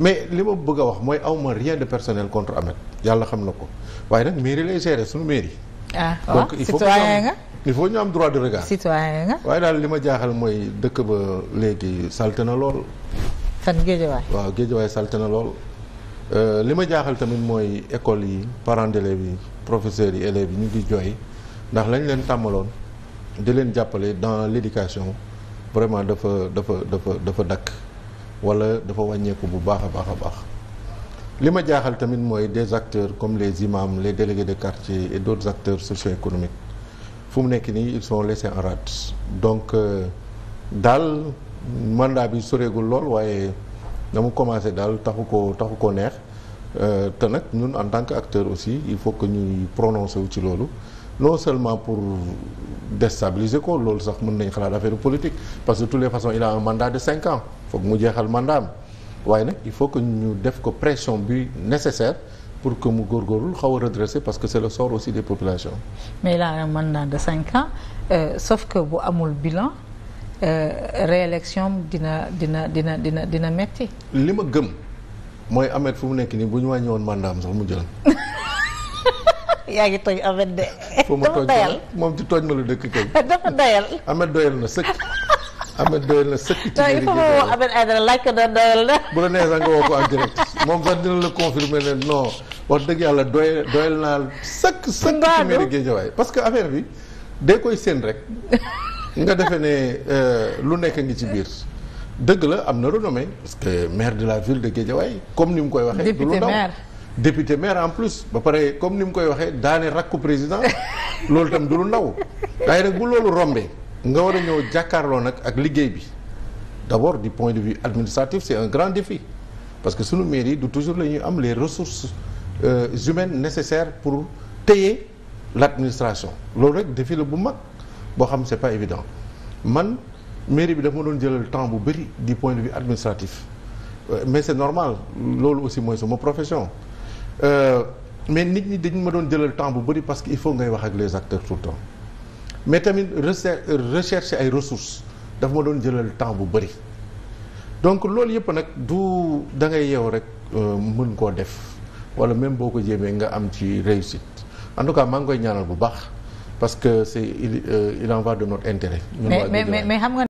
mais li ma bëgg a wax mooy awma rien de personnel contre Ahmed yàlla xam na ko waaye nag mairie lay gérer suñu mairie. ah waaw donc il faut que il faut ñu am droit de regard. citoyen nga. waaye daal li ma jaaxal mooy dëkk ba léegi salte na lool. fan géejawaay. waaw géejawaay salte na lool. Euh, li ma jaaxal tamit mooy école yi parents d'élèves yi professeurs yi élèves yi ñu ngi jooy ndax lañ leen tàmmaloon di leen jàppale dans l'éducation vraiment dafa dafa dafa dafa dakk wala dafa wàññeeku bu baax a baax a baax li ma jaaxal tamit mooy des acteurs comme les imams les délégués de quartier et d'autres acteurs socio-économiques fu mu nekk nii ils sont laissés en rade donc euh, daal mandat bi soreegul lool waaye na mu commencé daal taxu ko taxu ko neex euh, te nag ñun en tant que acteur aussi il faut que ñuy prononcer wu ci loolu non seulement pour déstabiliser ko loolu sax mun nañ xalaat affaire politique parce que de toutes les façons il a un mandat de cinq ans foog mu jeexal mandat am waaye nag il faut que ñu def ko pression bi nécessaire pour que mu góorgóorlu xaw a redresser parce que c'est le sort aussi des mais a un mandat de cinq ans euh, que bu amul bilan euh, réélection dina dina dina dina dina metti li ma gëm mooy Ahmed fu mu nekk nii bu ñu wàññi woon mandat am sax mu jël. yaa ngi tooñ Ahmed de. dafa doyal moom ci tooñ ma la dëkk kay. dafa doyal. Ahmed doyal na sëkk. Ahmed doyal na sëkk. ci biir woo la neexee sax nga woo ko en direct moom wax dëgg yàlla doy doyal naa sëkk. sëkk ci mairie Guédiawaye parce que affaire bi day koy séen rek nga defee ne euh, lu nekk ngi ci biir. dëgg la am na renommée parce que maire de la ville de Guédiawaye comme ni mu koy waxee. du lu ndaw député maire en plus ba pare comme ni mu koy waxee daane rakku président loolu itam du lu ndaw waaye rek bu loolu rombee nga war a ñëw jàkkaarloo nag ak liggéey bi d'abord du point de vue administratif c'est un grand défi parce que sunu mairie du toujours la ñuy am les ressources euh, humaines nécessaires pour téye l'administration loolu rek défi la bu mag boo xam c'est pas évident man mairie bi dafa ma doon jëlal temps bu bëri di point de vue administratif euh, normal loolu aussi mooy sama profession Euh, mais nit ñi dañu ma doon jëlal temps bu bëri parce que il faut ngay wax ak les acteurs tout le temps mais tamit recherche ay ressources dafa ma doon jëlal temps bu bëri donc loolu yëpp nag du da ngay yow rek euh, mën koo def wala même boo ko jéemee nga am ci réussite en tout cas maa ngi koy ñaanal bu baax parce que c'est il, euh, de notre intérêt. mais mais xam nga.